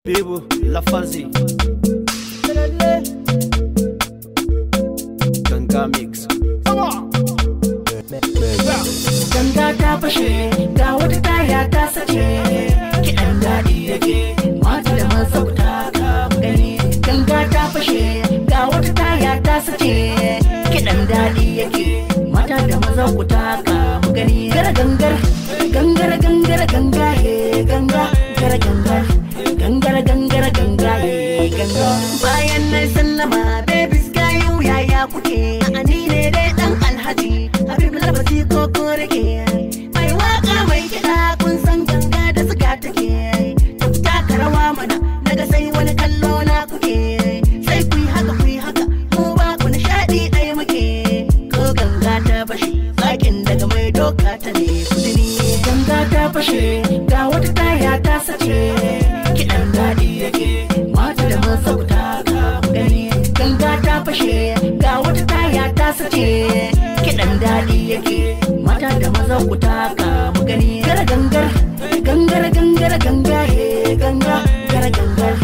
Bibu Lafazi Ganga Mix Ganga ta fashe ga wata taya ta sace kiɗan daɗi yake mata da mazauta gani Ganga ta fashe ga wata taya ta sace kiɗan daɗi yake mata da mazauta gani Gara gangar gangar gangar ganga he ganga gara gangar gangara gangara ganga ganga bayan na sallama baby sky ya kuke a ni ne dai dan alhaji habib labati ko korege mai waka mai kiɗa kun san ganga da suka take duk taka rawa mana daga sai wani kallo na kuke sai ku haka ku haka mu ba ku nishaɗi ɗaya muke ko ganga ta bashi zakin daga mai doka ta ne kudini ganga ta fashe ga wata taya ta sace rike mata da masauta gani ganga ta fashe ga wata taya ta sace kiɗan daɗi yake mata da mazauta ka mu gani gara gangar gangar gangar ganga ye ganga gara gangar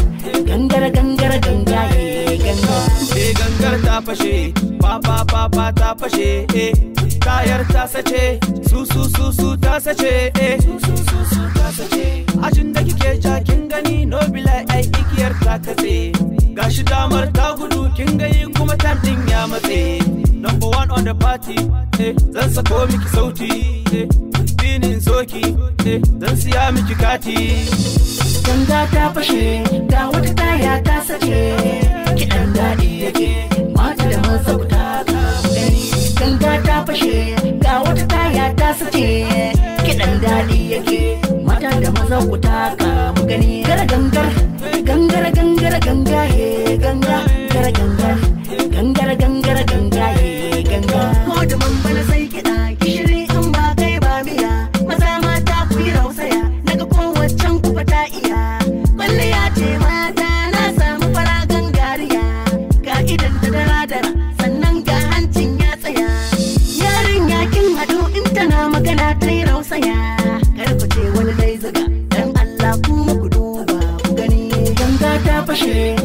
gangar gangar ganga ye ganga E gangar ta fashe papa papa ta fashe eh tayar ta sace su su su su ta sace eh katse gashi damar ta gudu kin gani kuma time din ya matse number one on the party eh, zan sako miki sauti binin eh. soki eh, zan siya miki kati ganga ta fashe ga wata taya ta sace kiɗan daɗi yake mata da mazauta ganga ta fashe ga wata taya ta sace kiɗan daɗi yake mata da mazauta ka mu gani gara gangar gangara ganga he ganga gara ganga gangara gangara ganga he ganga ko da mambala sai kiɗa gishiri an ba kai ba miya maza ma ta yi rausaya daga kowaccen ku ta iya kwalliya ce mata na samu fara gangariya ga idan da dara dara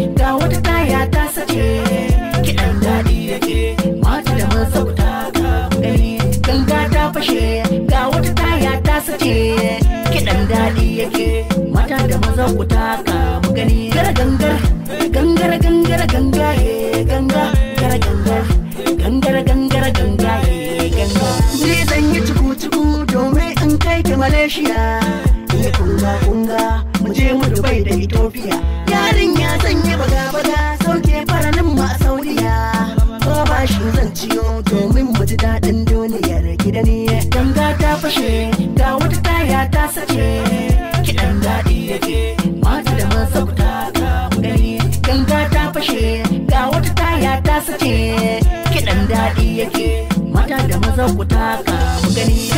ga wata taya ta sace kiɗan daɗi yake mata da mazauta ganga ta fashe ga wata taya ta sace kiɗan daɗi yake mata da mazauta ka mu gani gara gangar gangar gangar ganga ye ganga gara gangar gangar gangar ganga ye ganga ni zan yi ciku ciku domin in kai ki malaysia ni kunga kunga mu je mu dubai da ethiopia yarin ya sanya baga baga sauke faranin mu a saudiya ko ba shi zan ciyo domin mu ji daɗin duniyar gida ne ganga ta fashe ga wata taya ta sace kiɗan daɗi yake mata da masauta ga gani ganga ta fashe ga wata taya ta sace kiɗan daɗi yake mata da mazauta ka mu gani